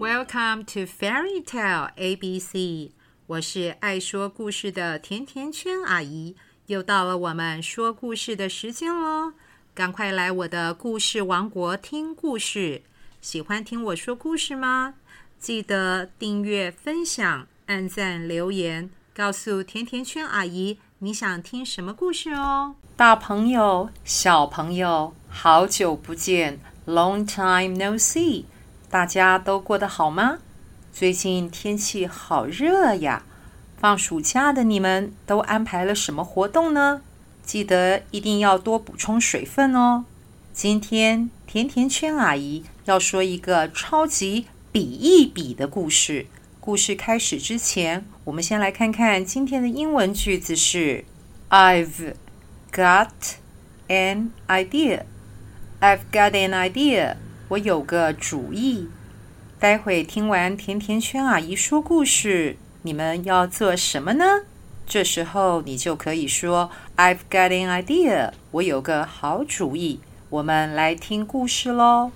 Welcome to Fairy Tale ABC。我是愛說故事的甜甜圈阿姨，又到了我們說故事的時間嘍！趕快來我的故事王國聽故事，喜歡聽我說故事嗎？記得訂閱、分享、按讚、留言，告訴甜甜圈阿姨你想聽什麼故事哦！大朋友、小朋友，好久不見，Long time no see。大家都過得好嗎？最近天氣好熱呀，放暑假的你們都安排了什麼活動呢？記得一定要多補充水分哦。今天甜甜圈阿姨要說一個超級比一比的故事。故事開始之前，我們先來看看今天的英文句子是：I've got an idea. I've got an idea. 我有個主意，待會聽完甜甜圈阿姨說故事，你們要做什麼呢？這時候你就可以說 "I've got an idea，我有個好主意。"我們來聽故事嘍。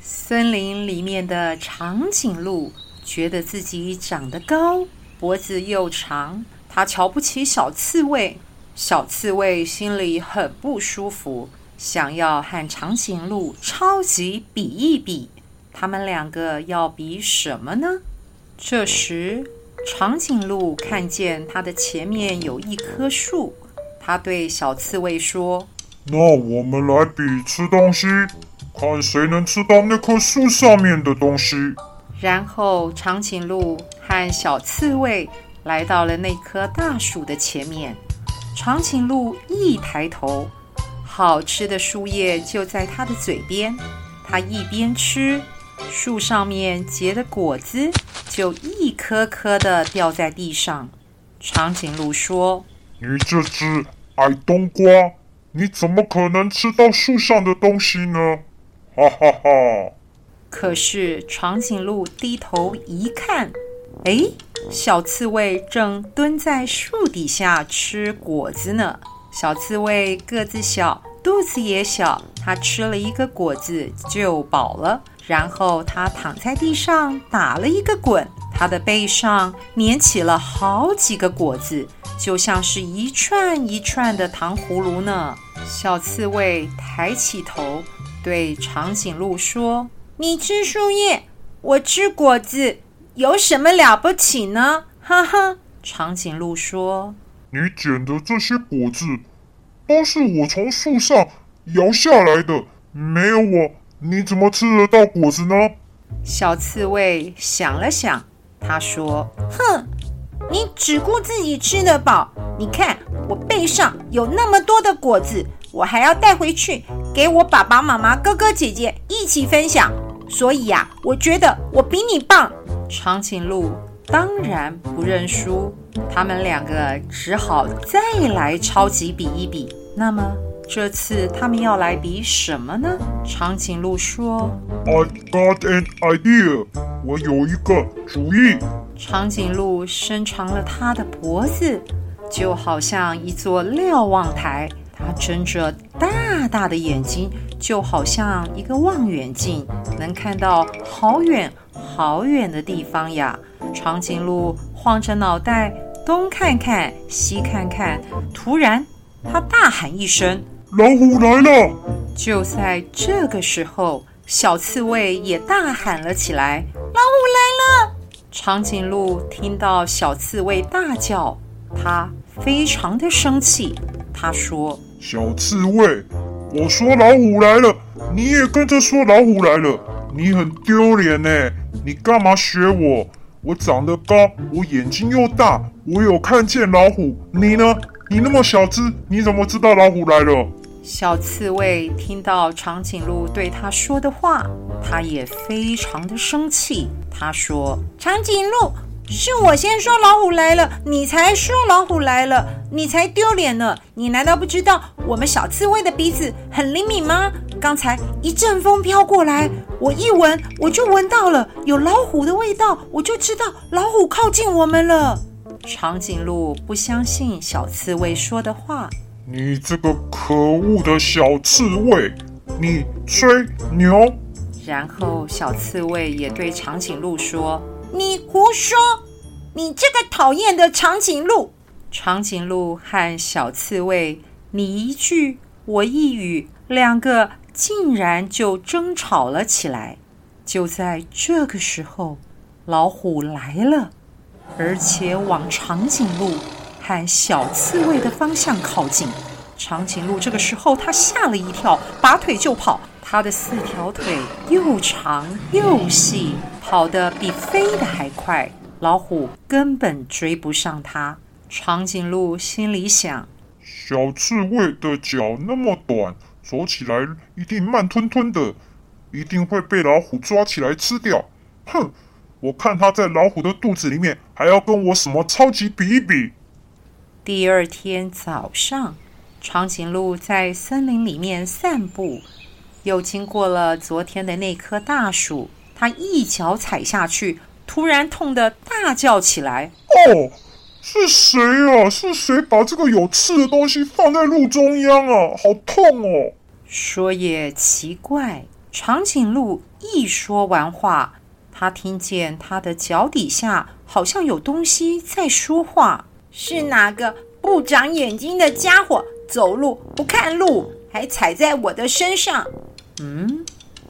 森林裡面的長頸鹿覺得自己長得高，脖子又長，他瞧不起小刺蝟。小刺蝟心裡很不舒服。想要和長頸鹿超級比一比，他們兩個要比什麼呢？這時，長頸鹿看見它的前面有一棵樹，它對小刺蝟說：“那我們來比吃東西，看誰能吃到那棵樹上面的東西。”然後，長頸鹿和小刺蝟來到了那棵大樹的前面。長頸鹿一抬頭。好吃的樹葉就在它的嘴邊，它一邊吃，樹上面結的果子就一顆顆的掉在地上。長頸鹿說：“你這隻矮冬瓜，你怎麼可能吃到樹上的東西呢？”哈哈哈哈！可是長頸鹿低頭一看，哎，小刺蝟正蹲在樹底下吃果子呢。小刺蝟個子小，肚子也小。它吃了一個果子就飽了，然後它躺在地上打了一個滾，它的背上粘起了好幾個果子，就像是一串一串的糖葫蘆呢。小刺蝟抬起頭對長頸鹿說：“你吃樹葉，我吃果子，有什麼了不起呢？”哈哈，長頸鹿說。你撿的這些果子，都是我從樹上搖下來的。沒有我，你怎麼吃得到果子呢？小刺蝟想了想，他說：“哼，你只顧自己吃得飽。你看我背上有那麼多的果子，我還要帶回去給我爸爸媽媽、哥哥姐姐一起分享。所以呀，我覺得我比你棒。”長頸鹿當然不認輸，他們兩個只好再來超級比一比。那麼這次他們要來比什麼呢？長頸鹿說：“I got an idea，我有一個主意。”長頸鹿伸長了它的脖子，就好像一座瞭望台。它睜着大大的眼睛，就好像一個望遠鏡，能看到好遠好遠的地方呀。長頸鹿晃着腦袋，東看看，西看看。突然，它大喊一聲：“老虎來了！”就在這個時候，小刺蝟也大喊了起來：“老虎來了！”長頸鹿聽到小刺蝟大叫，它非常的生氣。它說：“小刺蝟，我說老虎來了，你也跟着說老虎來了，你很丟臉呢、欸！你幹嘛學我？”我長得高，我眼睛又大，我有看見老虎。你呢？你那麼小只，你怎麼知道老虎來了？小刺蝟聽到長頸鹿對它說的話，它也非常的生氣。它說：“長頸鹿，是我先說老虎來了，你才說老虎來了，你才丟臉呢。你難道不知道我們小刺蝟的鼻子很靈敏嗎？”剛才一陣風飄過來，我一聞我就聞到了有老虎的味道，我就知道老虎靠近我們了。長頸鹿不相信小刺蝟說的話：“你這個可惡的小刺蝟，你吹牛。”然後小刺蝟也對長頸鹿說：“你胡說，你這個討厭的長頸鹿。”長頸鹿和小刺蝟你一句我一語，兩個。竟然就爭吵了起來。就在這個時候，老虎來了，而且往長頸鹿和小刺蝟的方向靠近。長頸鹿這個時候他嚇了一跳，拔腿就跑。它的四條腿又長又細，跑得比飛的還快，老虎根本追不上它。長頸鹿心裡想：小刺蝟的腳那麼短。走起來一定慢吞吞的，一定會被老虎抓起來吃掉。哼，我看他在老虎的肚子裡面還要跟我什麼超級比一比。第二天早上，長頸鹿在森林裡面散步，又經過了昨天的那棵大樹。它一腳踩下去，突然痛得大叫起來。哦！是誰啊？是誰把這個有刺的東西放在路中央啊？好痛哦！說也奇怪，長頸鹿一說完話，他聽見他的腳底下好像有東西在說話。是哪個不長眼睛的家伙走路不看路，還踩在我的身上？嗯，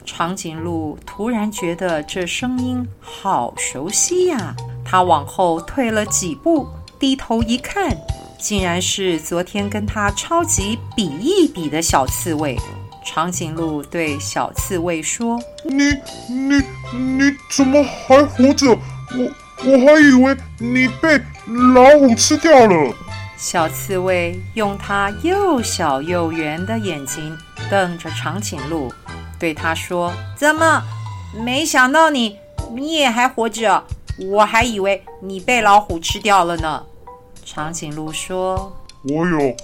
長頸鹿突然覺得這聲音好熟悉呀，他往後退了幾步。低頭一看，竟然是昨天跟他超級比一比的小刺蝟。長頸鹿對小刺蝟說：“你你你怎麼還活着？我我還以為你被老虎吃掉了。”小刺蝟用它又小又圓的眼睛瞪着長頸鹿，對他說：“怎麼？沒想到你你也還活着？”我還以為你被老虎吃掉了呢。長頸鹿說：“我有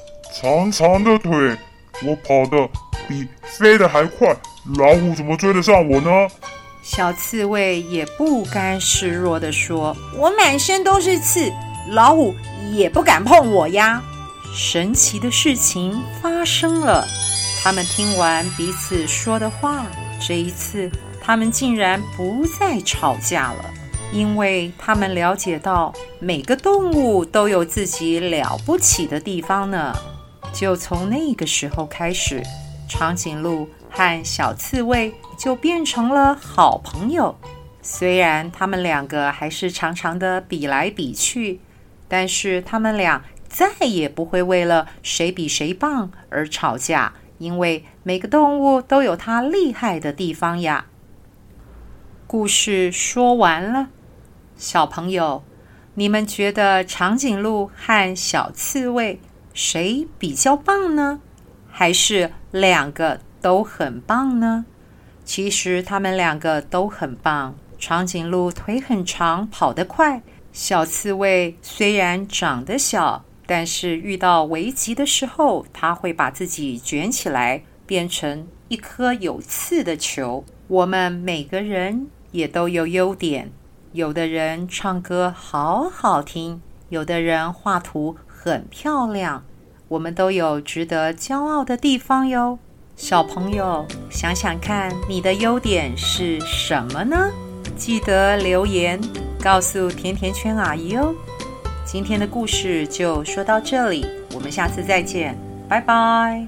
長長的腿，我跑得比飛得還快，老虎怎麼追得上我呢？”小刺蝟也不甘示弱的說：“我滿身都是刺，老虎也不敢碰我呀。”神奇的事情發生了，他們聽完彼此說的話，這一次他們竟然不再吵架了。因為他們了解到每個動物都有自己了不起的地方呢，就從那個時候開始，長頸鹿和小刺蝟就變成了好朋友。雖然他們兩個還是常常的比來比去，但是他們倆再也不會為了誰比誰棒而吵架，因為每個動物都有它厲害的地方呀。故事說完了。小朋友，你們覺得長頸鹿和小刺蝟誰比較棒呢？還是兩個都很棒呢？其實他們兩個都很棒。長頸鹿腿很長，跑得快；小刺蝟雖然長得小，但是遇到危急的時候，它會把自己捲起來，變成一顆有刺的球。我們每個人也都有優點。有的人唱歌好好聽，有的人畫圖很漂亮，我們都有值得驕傲的地方喲。小朋友，想想看，你的優點是什麼呢？記得留言告訴甜甜圈阿姨哦。今天的故事就說到這裡，我們下次再見，拜拜。